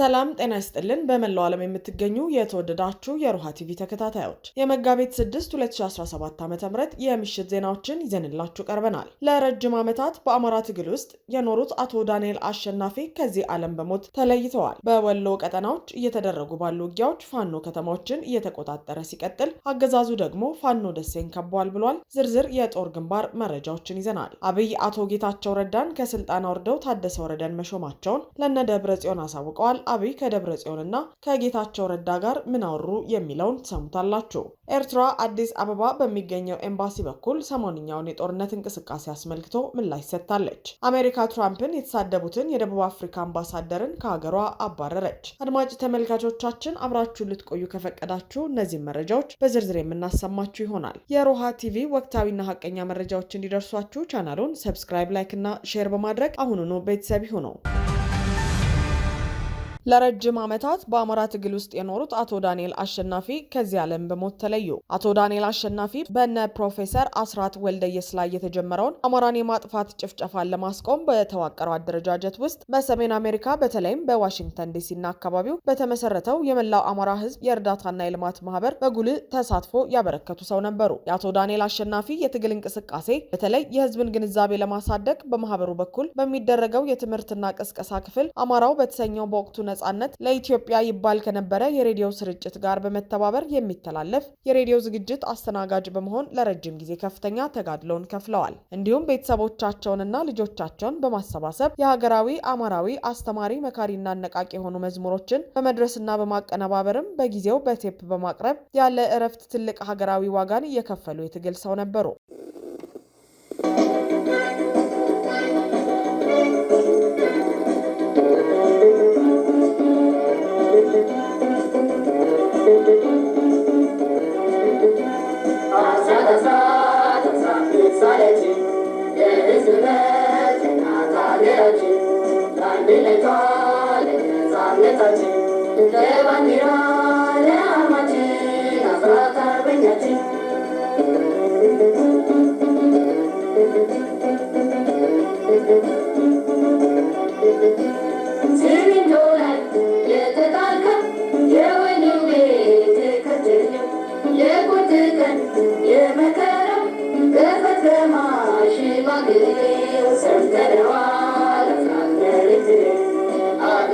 ሰላም ጤና ይስጥልን። በመላው ዓለም የምትገኙ የተወደዳችሁ የሮሃ ቲቪ ተከታታዮች የመጋቢት 6 2017 ዓ ም የምሽት ዜናዎችን ይዘንላችሁ ቀርበናል። ለረጅም ዓመታት በአማራ ትግል ውስጥ የኖሩት አቶ ዳንኤል አሸናፊ ከዚህ ዓለም በሞት ተለይተዋል። በወሎ ቀጠናዎች እየተደረጉ ባሉ ውጊያዎች ፋኖ ከተማዎችን እየተቆጣጠረ ሲቀጥል፣ አገዛዙ ደግሞ ፋኖ ደሴን ከቧል ብሏል። ዝርዝር የጦር ግንባር መረጃዎችን ይዘናል። አብይ አቶ ጌታቸው ረዳን ከስልጣን አውርደው ታደሰ ወረደን መሾማቸውን ለነ ደብረ ጽዮን አሳውቀዋል። አብይ ከደብረ ጽዮንና ከጌታቸው ረዳ ጋር ምን አወሩ የሚለውን ትሰሙታላችሁ። ኤርትራ አዲስ አበባ በሚገኘው ኤምባሲ በኩል ሰሞንኛውን የጦርነት እንቅስቃሴ አስመልክቶ ምላሽ ሰጥታለች። አሜሪካ ትራምፕን የተሳደቡትን የደቡብ አፍሪካ አምባሳደርን ከሀገሯ አባረረች። አድማጭ ተመልካቾቻችን አብራችሁን ልትቆዩ ከፈቀዳችሁ እነዚህን መረጃዎች በዝርዝር የምናሰማችሁ ይሆናል። የሮሃ ቲቪ ወቅታዊና ሀቀኛ መረጃዎች እንዲደርሷችሁ ቻናሉን ሰብስክራይብ፣ ላይክ እና ሼር በማድረግ አሁኑኑ ቤተሰብ ይሁነው። ለረጅም ዓመታት በአማራ ትግል ውስጥ የኖሩት አቶ ዳንኤል አሸናፊ ከዚህ ዓለም በሞት ተለዩ። አቶ ዳንኤል አሸናፊ በነ ፕሮፌሰር አስራት ወልደየስ ላይ የተጀመረውን አማራን የማጥፋት ጭፍጨፋን ለማስቆም በተዋቀረው አደረጃጀት ውስጥ በሰሜን አሜሪካ በተለይም በዋሽንግተን ዲሲና አካባቢው በተመሰረተው የመላው አማራ ህዝብ የእርዳታና የልማት ማህበር በጉልህ ተሳትፎ ያበረከቱ ሰው ነበሩ። የአቶ ዳንኤል አሸናፊ የትግል እንቅስቃሴ በተለይ የህዝብን ግንዛቤ ለማሳደግ በማህበሩ በኩል በሚደረገው የትምህርትና ቅስቀሳ ክፍል አማራው በተሰኘው በወቅቱ ነጻነት ለኢትዮጵያ ይባል ከነበረ የሬዲዮ ስርጭት ጋር በመተባበር የሚተላለፍ የሬዲዮ ዝግጅት አስተናጋጅ በመሆን ለረጅም ጊዜ ከፍተኛ ተጋድሎውን ከፍለዋል። እንዲሁም ቤተሰቦቻቸውንና ልጆቻቸውን በማሰባሰብ የሀገራዊ አማራዊ አስተማሪ መካሪና አነቃቂ የሆኑ መዝሙሮችን በመድረስና በማቀነባበርም በጊዜው በቴፕ በማቅረብ ያለ እረፍት ትልቅ ሀገራዊ ዋጋን እየከፈሉ የትግል ሰው ነበሩ። ለብለታ ለነፃነታችን እንደ ባንዲራ ለዓርማችን አስራት ሲሚንቶ ላይ የተጣልከ የወይኑ ቤት ከትየው የቁትቀን የመከረው ገፈት ገማ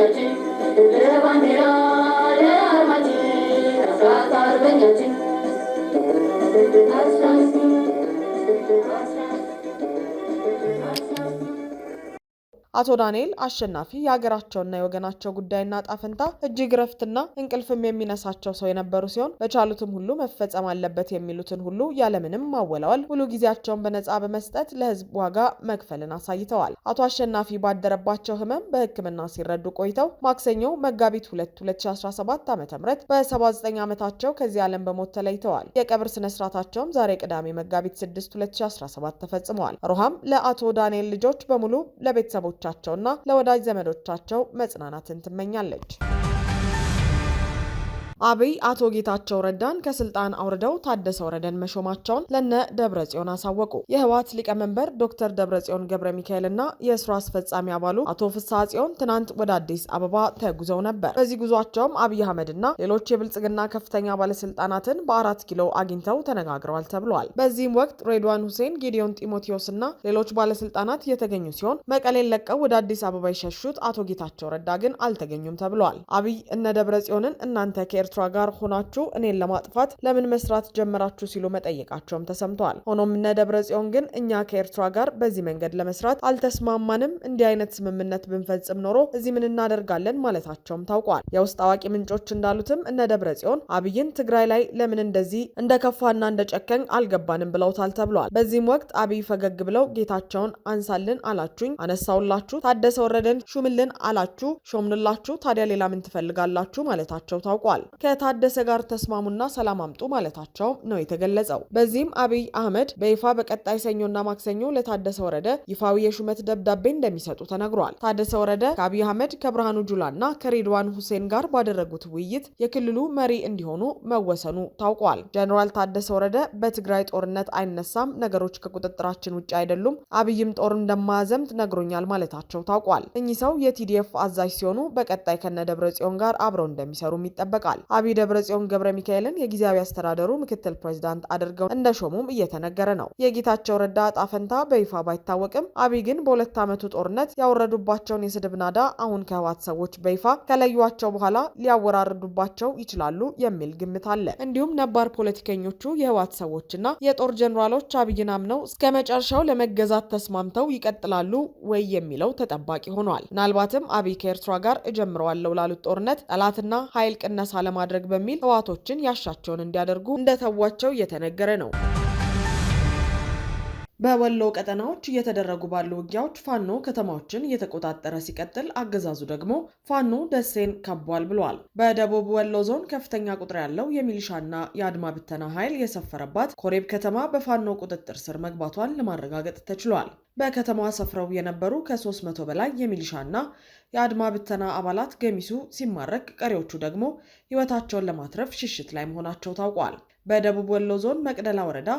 አርበኛችን እንደ ባንዲራ ለአርማችን አስራት አርበኛችን አቶ ዳንኤል አሸናፊ የሀገራቸውና የወገናቸው ጉዳይና ጣፈንታ እጅግ ረፍትና እንቅልፍም የሚነሳቸው ሰው የነበሩ ሲሆን በቻሉትም ሁሉ መፈጸም አለበት የሚሉትን ሁሉ ያለምንም ማወላወል ሙሉ ጊዜያቸውን በነጻ በመስጠት ለህዝብ ዋጋ መክፈልን አሳይተዋል። አቶ አሸናፊ ባደረባቸው ህመም በሕክምና ሲረዱ ቆይተው ማክሰኞ መጋቢት 2 2017 ዓ ም በ79 ዓመታቸው ከዚህ ዓለም በሞት ተለይተዋል። የቀብር ስነስርዓታቸውም ዛሬ ቅዳሜ መጋቢት 6 2017 ተፈጽመዋል። ሮሃም ለአቶ ዳንኤል ልጆች በሙሉ ለቤተሰቦች ቤተሰቦቻቸውና ለወዳጅ ዘመዶቻቸው መጽናናትን ትመኛለች። አብይ አቶ ጌታቸው ረዳን ከስልጣን አውርደው ታደሰ ወረደን መሾማቸውን ለነ ደብረ ጽዮን አሳወቁ። የህወሓት ሊቀመንበር ዶክተር ደብረ ጽዮን ገብረ ሚካኤል እና የስራ አስፈጻሚ አባሉ አቶ ፍስሐ ጽዮን ትናንት ወደ አዲስ አበባ ተጉዘው ነበር። በዚህ ጉዟቸውም አብይ አህመድ እና ሌሎች የብልጽግና ከፍተኛ ባለስልጣናትን በአራት ኪሎ አግኝተው ተነጋግረዋል ተብሏል። በዚህም ወቅት ሬድዋን ሁሴን፣ ጌዲዮን ጢሞቴዎስ እና ሌሎች ባለስልጣናት የተገኙ ሲሆን መቀሌን ለቀው ወደ አዲስ አበባ የሸሹት አቶ ጌታቸው ረዳ ግን አልተገኙም ተብሏል። አብይ እነ ደብረ ጽዮንን እናንተ ከኤር ከኤርትራ ጋር ሆናችሁ እኔን ለማጥፋት ለምን መስራት ጀመራችሁ ሲሉ መጠየቃቸውም ተሰምተዋል። ሆኖም እነ ደብረ ጽዮን ግን እኛ ከኤርትራ ጋር በዚህ መንገድ ለመስራት አልተስማማንም፣ እንዲህ አይነት ስምምነት ብንፈጽም ኖሮ እዚህ ምን እናደርጋለን ማለታቸውም ታውቋል። የውስጥ አዋቂ ምንጮች እንዳሉትም እነ ደብረ ጽዮን አብይን ትግራይ ላይ ለምን እንደዚህ እንደከፋና እንደጨከኝ አልገባንም ብለውታል ተብሏል። በዚህም ወቅት አብይ ፈገግ ብለው ጌታቸውን አንሳልን አላችሁኝ፣ አነሳውላችሁ፣ ታደሰ ወረደን ሹምልን አላችሁ፣ ሾምንላችሁ፣ ታዲያ ሌላ ምን ትፈልጋላችሁ ማለታቸው ታውቋል። ከታደሰ ጋር ተስማሙና ሰላም አምጡ ማለታቸው ነው የተገለጸው። በዚህም አብይ አህመድ በይፋ በቀጣይ ሰኞና ማክሰኞ ለታደሰ ወረደ ይፋዊ የሹመት ደብዳቤ እንደሚሰጡ ተነግሯል። ታደሰ ወረደ ከአብይ አህመድ ከብርሃኑ ጁላና ከሬድዋን ሁሴን ጋር ባደረጉት ውይይት የክልሉ መሪ እንዲሆኑ መወሰኑ ታውቋል። ጀኔራል ታደሰ ወረደ በትግራይ ጦርነት አይነሳም፣ ነገሮች ከቁጥጥራችን ውጭ አይደሉም፣ አብይም ጦር እንደማያዘምት ነግሮኛል ማለታቸው ታውቋል። እኚህ ሰው የቲዲኤፍ አዛዥ ሲሆኑ በቀጣይ ከነ ደብረ ጽዮን ጋር አብረው እንደሚሰሩም ይጠበቃል። አብይ ደብረጽዮን ገብረ ሚካኤልን የጊዜያዊ አስተዳደሩ ምክትል ፕሬዚዳንት አድርገው እንደሾሙም እየተነገረ ነው። የጌታቸው ረዳ ዕጣ ፈንታ በይፋ ባይታወቅም አብይ ግን በሁለት ዓመቱ ጦርነት ያወረዱባቸውን የስድብ ናዳ አሁን ከህወሓት ሰዎች በይፋ ከለዩቸው በኋላ ሊያወራርዱባቸው ይችላሉ የሚል ግምት አለ። እንዲሁም ነባር ፖለቲከኞቹ የህወሓት ሰዎችና የጦር ጀኔራሎች አብይን አምነው እስከ መጨረሻው ለመገዛት ተስማምተው ይቀጥላሉ ወይ የሚለው ተጠባቂ ሆኗል። ምናልባትም አብይ ከኤርትራ ጋር እጀምረዋለሁ ላሉት ጦርነት ጠላትና ኃይል ቅነሳ ለማ ለማድረግ በሚል ህዋቶችን ያሻቸውን እንዲያደርጉ እንደተዋቸው እየተነገረ ነው። በወሎ ቀጠናዎች እየተደረጉ ባሉ ውጊያዎች ፋኖ ከተማዎችን እየተቆጣጠረ ሲቀጥል አገዛዙ ደግሞ ፋኖ ደሴን ከቧል ብሏል። በደቡብ ወሎ ዞን ከፍተኛ ቁጥር ያለው የሚሊሻና የአድማ ብተና ኃይል የሰፈረባት ኮሬብ ከተማ በፋኖ ቁጥጥር ስር መግባቷን ለማረጋገጥ ተችሏል። በከተማዋ ሰፍረው የነበሩ ከ300 በላይ የሚሊሻና የአድማ ብተና አባላት ገሚሱ ሲማረክ፣ ቀሪዎቹ ደግሞ ህይወታቸውን ለማትረፍ ሽሽት ላይ መሆናቸው ታውቋል። በደቡብ ወሎ ዞን መቅደላ ወረዳ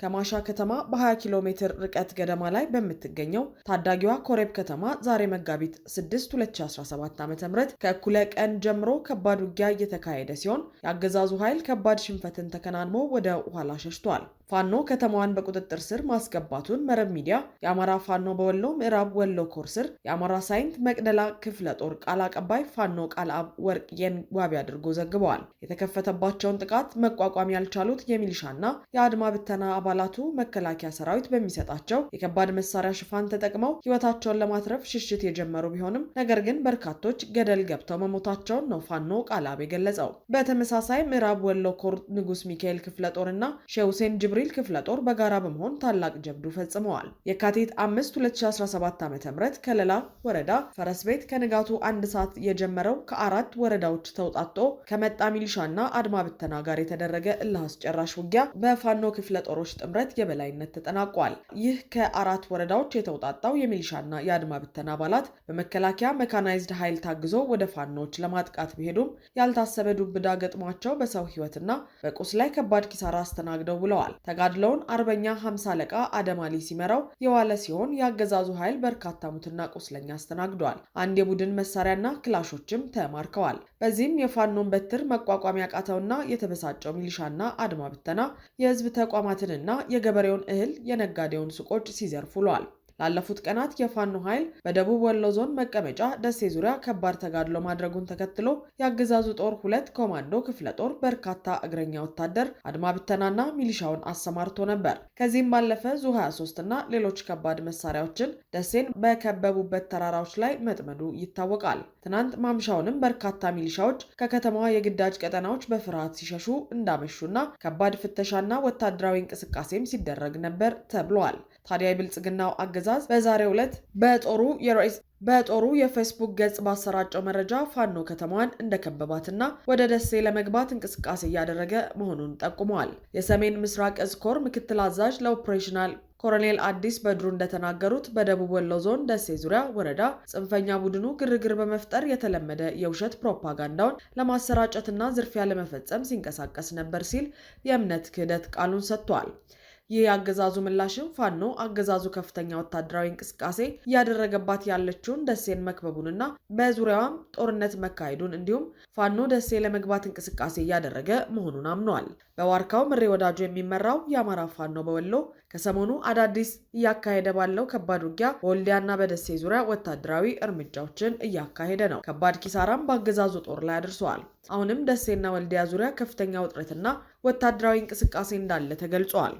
ከማሻ ከተማ በ20 ኪሎ ሜትር ርቀት ገደማ ላይ በምትገኘው ታዳጊዋ ኮሬብ ከተማ ዛሬ መጋቢት 6 2017 ዓ ም ከእኩለ ቀን ጀምሮ ከባድ ውጊያ እየተካሄደ ሲሆን የአገዛዙ ኃይል ከባድ ሽንፈትን ተከናንሞ ወደ ኋላ ሸሽቷል። ፋኖ ከተማዋን በቁጥጥር ስር ማስገባቱን መረብ ሚዲያ የአማራ ፋኖ በወሎ ምዕራብ ወሎ ኮር ስር የአማራ ሳይንት መቅደላ ክፍለ ጦር ቃል አቀባይ ፋኖ ቃል አብ ወርቅየን ዋቢ አድርጎ ዘግበዋል። የተከፈተባቸውን ጥቃት መቋቋም ያልቻሉት የሚሊሻና የአድማ ብተና አባላቱ መከላከያ ሰራዊት በሚሰጣቸው የከባድ መሳሪያ ሽፋን ተጠቅመው ህይወታቸውን ለማትረፍ ሽሽት የጀመሩ ቢሆንም ነገር ግን በርካቶች ገደል ገብተው መሞታቸውን ነው ፋኖ ቃል አብ የገለጸው። በተመሳሳይ ምዕራብ ወሎ ኮር ንጉስ ሚካኤል ክፍለ ጦርና ሼ ሁሴን ጅብሪ ገብርኤል ክፍለ ጦር በጋራ በመሆን ታላቅ ጀብዱ ፈጽመዋል። የካቲት 5 2017 ዓ.ም ከለላ ወረዳ ፈረስ ቤት ከንጋቱ አንድ ሰዓት የጀመረው ከአራት ወረዳዎች ተውጣጦ ከመጣ ሚሊሻና አድማ ብተና ጋር የተደረገ እልህ አስጨራሽ ውጊያ በፋኖ ክፍለ ጦሮች ጥምረት የበላይነት ተጠናቋል። ይህ ከአራት ወረዳዎች የተውጣጣው የሚሊሻና የአድማ ብተና አባላት በመከላከያ መካናይዝድ ኃይል ታግዞ ወደ ፋኖዎች ለማጥቃት ቢሄዱም ያልታሰበ ዱብዳ ገጥሟቸው በሰው ሕይወትና በቁስ ላይ ከባድ ኪሳራ አስተናግደው ብለዋል። ተጋድለውን አርበኛ ሀምሳ አለቃ አደማሊ ሲመራው የዋለ ሲሆን የአገዛዙ ኃይል በርካታ ሙትና ቁስለኛ አስተናግደዋል። አንድ የቡድን መሳሪያና ክላሾችም ተማርከዋል። በዚህም የፋኖን በትር መቋቋም ያቃተውና የተበሳጨው ሚሊሻና አድማ ብተና የህዝብ ተቋማትንና የገበሬውን እህል የነጋዴውን ሱቆች ሲዘርፉ ውለዋል። ላለፉት ቀናት የፋኖ ኃይል በደቡብ ወሎ ዞን መቀመጫ ደሴ ዙሪያ ከባድ ተጋድሎ ማድረጉን ተከትሎ የአገዛዙ ጦር ሁለት ኮማንዶ ክፍለ ጦር በርካታ እግረኛ ወታደር አድማ ብተናና ሚሊሻውን አሰማርቶ ነበር። ከዚህም ባለፈ ዙ 23 እና ሌሎች ከባድ መሳሪያዎችን ደሴን በከበቡበት ተራራዎች ላይ መጥመዱ ይታወቃል። ትናንት ማምሻውንም በርካታ ሚሊሻዎች ከከተማዋ የግዳጅ ቀጠናዎች በፍርሃት ሲሸሹ እንዳመሹና ከባድ ፍተሻና ወታደራዊ እንቅስቃሴም ሲደረግ ነበር ተብሏል። ታዲያ የብልጽግናው አገዛዝ በዛሬው ዕለት በጦሩ የሮይስ በጦሩ የፌስቡክ ገጽ ባሰራጨው መረጃ ፋኖ ከተማዋን እንደከበባትና ወደ ደሴ ለመግባት እንቅስቃሴ እያደረገ መሆኑን ጠቁመዋል። የሰሜን ምስራቅ እዝ ኮር ምክትል አዛዥ ለኦፕሬሽናል ኮሎኔል አዲስ በድሩ እንደተናገሩት በደቡብ ወሎ ዞን ደሴ ዙሪያ ወረዳ ጽንፈኛ ቡድኑ ግርግር በመፍጠር የተለመደ የውሸት ፕሮፓጋንዳውን ለማሰራጨትና ዝርፊያ ለመፈጸም ሲንቀሳቀስ ነበር ሲል የእምነት ክህደት ቃሉን ሰጥቷል። ይህ የአገዛዙ ምላሽም ፋኖ አገዛዙ ከፍተኛ ወታደራዊ እንቅስቃሴ እያደረገባት ያለችውን ደሴን መክበቡንና በዙሪያዋም ጦርነት መካሄዱን እንዲሁም ፋኖ ደሴ ለመግባት እንቅስቃሴ እያደረገ መሆኑን አምነዋል። በዋርካው ምሬ ወዳጁ የሚመራው የአማራ ፋኖ በወሎ ከሰሞኑ አዳዲስ እያካሄደ ባለው ከባድ ውጊያ በወልዲያና በደሴ ዙሪያ ወታደራዊ እርምጃዎችን እያካሄደ ነው። ከባድ ኪሳራም በአገዛዙ ጦር ላይ አድርሰዋል። አሁንም ደሴና ወልዲያ ዙሪያ ከፍተኛ ውጥረትና ወታደራዊ እንቅስቃሴ እንዳለ ተገልጿል።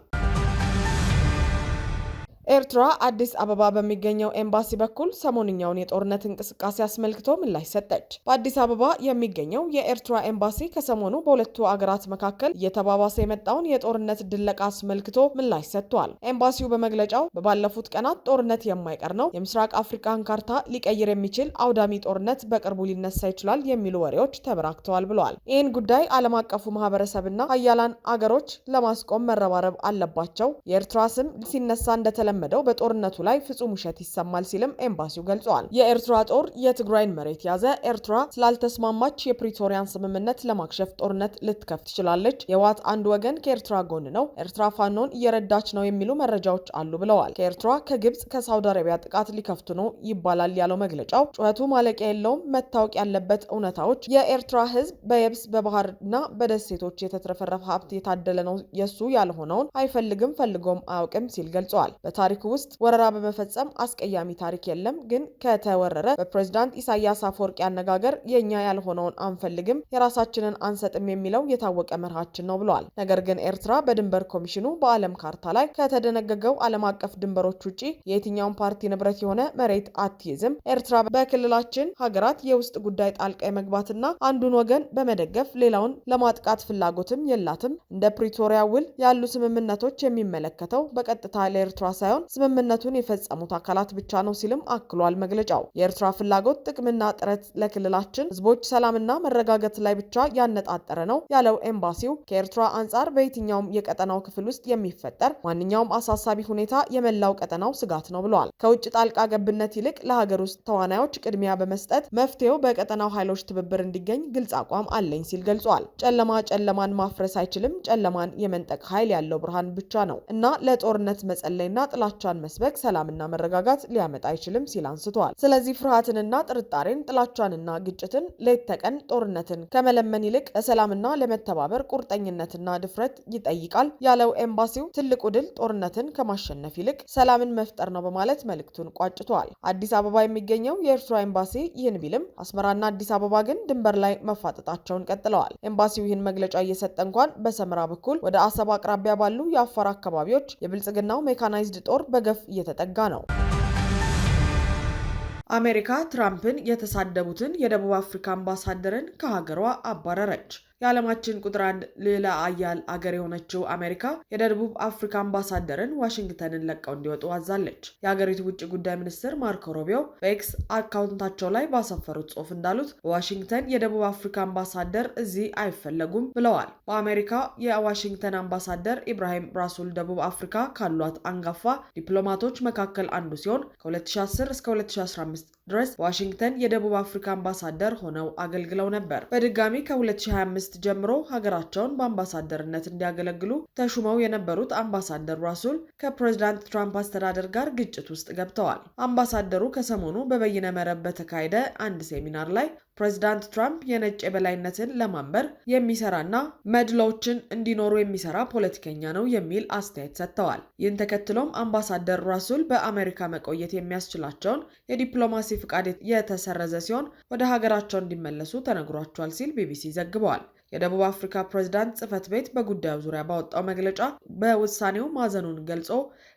ኤርትራ አዲስ አበባ በሚገኘው ኤምባሲ በኩል ሰሞንኛውን የጦርነት እንቅስቃሴ አስመልክቶ ምላሽ ሰጠች። በአዲስ አበባ የሚገኘው የኤርትራ ኤምባሲ ከሰሞኑ በሁለቱ አገራት መካከል እየተባባሰ የመጣውን የጦርነት ድለቃ አስመልክቶ ምላሽ ሰጥቷል። ኤምባሲው በመግለጫው በባለፉት ቀናት ጦርነት የማይቀር ነው፣ የምስራቅ አፍሪካን ካርታ ሊቀይር የሚችል አውዳሚ ጦርነት በቅርቡ ሊነሳ ይችላል የሚሉ ወሬዎች ተበራክተዋል ብለዋል። ይህን ጉዳይ ዓለም አቀፉ ማህበረሰብና ሀያላን አገሮች ለማስቆም መረባረብ አለባቸው። የኤርትራ ስም ሲነሳ እንደተለመ እንደተለመደው በጦርነቱ ላይ ፍጹም ውሸት ይሰማል ሲልም ኤምባሲው ገልጿል። የኤርትራ ጦር የትግራይን መሬት ያዘ፣ ኤርትራ ስላልተስማማች የፕሪቶሪያን ስምምነት ለማክሸፍ ጦርነት ልትከፍት ትችላለች፣ የዋት አንድ ወገን ከኤርትራ ጎን ነው፣ ኤርትራ ፋኖን እየረዳች ነው የሚሉ መረጃዎች አሉ ብለዋል። ከኤርትራ ከግብጽ፣ ከሳውዲ አረቢያ ጥቃት ሊከፍቱ ነው ይባላል ያለው መግለጫው ጩኸቱ ማለቂያ የለውም፣ መታወቅ ያለበት እውነታዎች የኤርትራ ህዝብ በየብስ በባህርና በደሴቶች የተትረፈረፈ ሀብት የታደለ ነው የሱ ያልሆነውን አይፈልግም ፈልጎም አያውቅም ሲል ገልጸዋል። ታሪክ ውስጥ ወረራ በመፈጸም አስቀያሚ ታሪክ የለም። ግን ከተወረረ በፕሬዝዳንት ኢሳያስ አፈወርቂ አነጋገር የእኛ ያልሆነውን አንፈልግም፣ የራሳችንን አንሰጥም የሚለው የታወቀ መርሃችን ነው ብለዋል። ነገር ግን ኤርትራ በድንበር ኮሚሽኑ በዓለም ካርታ ላይ ከተደነገገው ዓለም አቀፍ ድንበሮች ውጭ የየትኛውን ፓርቲ ንብረት የሆነ መሬት አትይዝም። ኤርትራ በክልላችን ሀገራት የውስጥ ጉዳይ ጣልቃ መግባትና አንዱን ወገን በመደገፍ ሌላውን ለማጥቃት ፍላጎትም የላትም። እንደ ፕሪቶሪያ ውል ያሉ ስምምነቶች የሚመለከተው በቀጥታ ለኤርትራ ሳይሆን ሳይሆን ስምምነቱን የፈጸሙት አካላት ብቻ ነው ሲልም አክሏል መግለጫው። የኤርትራ ፍላጎት ጥቅምና ጥረት ለክልላችን ህዝቦች ሰላምና መረጋጋት ላይ ብቻ ያነጣጠረ ነው ያለው ኤምባሲው ከኤርትራ አንጻር በየትኛውም የቀጠናው ክፍል ውስጥ የሚፈጠር ማንኛውም አሳሳቢ ሁኔታ የመላው ቀጠናው ስጋት ነው ብለዋል። ከውጭ ጣልቃ ገብነት ይልቅ ለሀገር ውስጥ ተዋናዮች ቅድሚያ በመስጠት መፍትሄው በቀጠናው ኃይሎች ትብብር እንዲገኝ ግልጽ አቋም አለኝ ሲል ገልጿል። ጨለማ ጨለማን ማፍረስ አይችልም። ጨለማን የመንጠቅ ኃይል ያለው ብርሃን ብቻ ነው እና ለጦርነት መጸለይና ጥላቻን መስበክ ሰላምና መረጋጋት ሊያመጣ አይችልም ሲል አንስተዋል። ስለዚህ ፍርሃትንና ጥርጣሬን፣ ጥላቻንና ግጭትን ሌት ተቀን ጦርነትን ከመለመን ይልቅ ለሰላምና ለመተባበር ቁርጠኝነትና ድፍረት ይጠይቃል ያለው ኤምባሲው ትልቁ ድል ጦርነትን ከማሸነፍ ይልቅ ሰላምን መፍጠር ነው በማለት መልእክቱን ቋጭቷል። አዲስ አበባ የሚገኘው የኤርትራ ኤምባሲ ይህን ቢልም አስመራና አዲስ አበባ ግን ድንበር ላይ መፋጠጣቸውን ቀጥለዋል። ኤምባሲው ይህን መግለጫ እየሰጠ እንኳን በሰመራ በኩል ወደ አሰብ አቅራቢያ ባሉ የአፋር አካባቢዎች የብልጽግናው ሜካናይዝድ ጦር በገፍ እየተጠጋ ነው። አሜሪካ ትራምፕን የተሳደቡትን የደቡብ አፍሪካ አምባሳደርን ከሀገሯ አባረረች። የዓለማችን ቁጥር አንድ ሌላ አያል አገር የሆነችው አሜሪካ የደቡብ አፍሪካ አምባሳደርን ዋሽንግተንን ለቀው እንዲወጡ አዛለች። የአገሪቱ ውጭ ጉዳይ ሚኒስትር ማርኮ ሮቢዮ በኤክስ አካውንታቸው ላይ ባሰፈሩት ጽሑፍ እንዳሉት በዋሽንግተን የደቡብ አፍሪካ አምባሳደር እዚህ አይፈለጉም ብለዋል። በአሜሪካ የዋሽንግተን አምባሳደር ኢብራሂም ራሱል ደቡብ አፍሪካ ካሏት አንጋፋ ዲፕሎማቶች መካከል አንዱ ሲሆን ከ2010 እስከ 2015 ድረስ በዋሽንግተን የደቡብ አፍሪካ አምባሳደር ሆነው አገልግለው ነበር። በድጋሚ ከ2025 ጀምሮ ሀገራቸውን በአምባሳደርነት እንዲያገለግሉ ተሹመው የነበሩት አምባሳደር ራሱል ከፕሬዚዳንት ትራምፕ አስተዳደር ጋር ግጭት ውስጥ ገብተዋል። አምባሳደሩ ከሰሞኑ በበይነ መረብ በተካሄደ አንድ ሴሚናር ላይ ፕሬዚዳንት ትራምፕ የነጭ የበላይነትን ለማንበር የሚሰራና መድሎችን እንዲኖሩ የሚሰራ ፖለቲከኛ ነው የሚል አስተያየት ሰጥተዋል። ይህን ተከትሎም አምባሳደር ራሱል በአሜሪካ መቆየት የሚያስችላቸውን የዲፕሎማሲ ፍቃድ የተሰረዘ ሲሆን ወደ ሀገራቸው እንዲመለሱ ተነግሯቸዋል ሲል ቢቢሲ ዘግበዋል። የደቡብ አፍሪካ ፕሬዝዳንት ጽህፈት ቤት በጉዳዩ ዙሪያ ባወጣው መግለጫ በውሳኔው ማዘኑን ገልጾ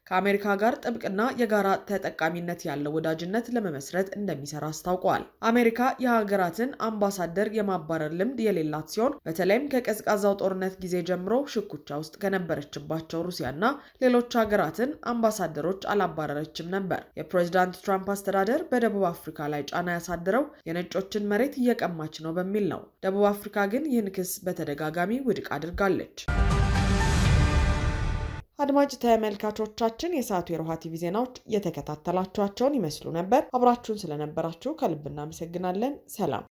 ከአሜሪካ ጋር ጥብቅና የጋራ ተጠቃሚነት ያለው ወዳጅነት ለመመስረት እንደሚሰራ አስታውቋል። አሜሪካ የሀገራትን አምባሳደር የማባረር ልምድ የሌላት ሲሆን በተለይም ከቀዝቃዛው ጦርነት ጊዜ ጀምሮ ሽኩቻ ውስጥ ከነበረችባቸው ሩሲያና ሌሎች ሀገራትን አምባሳደሮች አላባረረችም ነበር። የፕሬዚዳንት ትራምፕ አስተዳደር በደቡብ አፍሪካ ላይ ጫና ያሳደረው የነጮችን መሬት እየቀማች ነው በሚል ነው። ደቡብ አፍሪካ ግን ይህን ክስ በተደጋጋሚ ውድቅ አድርጋለች። አድማጭ ተመልካቾቻችን የሰዓቱ የሮሃ ቲቪ ዜናዎች እየተከታተላችኋቸውን ይመስሉ ነበር። አብራችሁን ስለነበራችሁ ከልብ እናመሰግናለን። ሰላም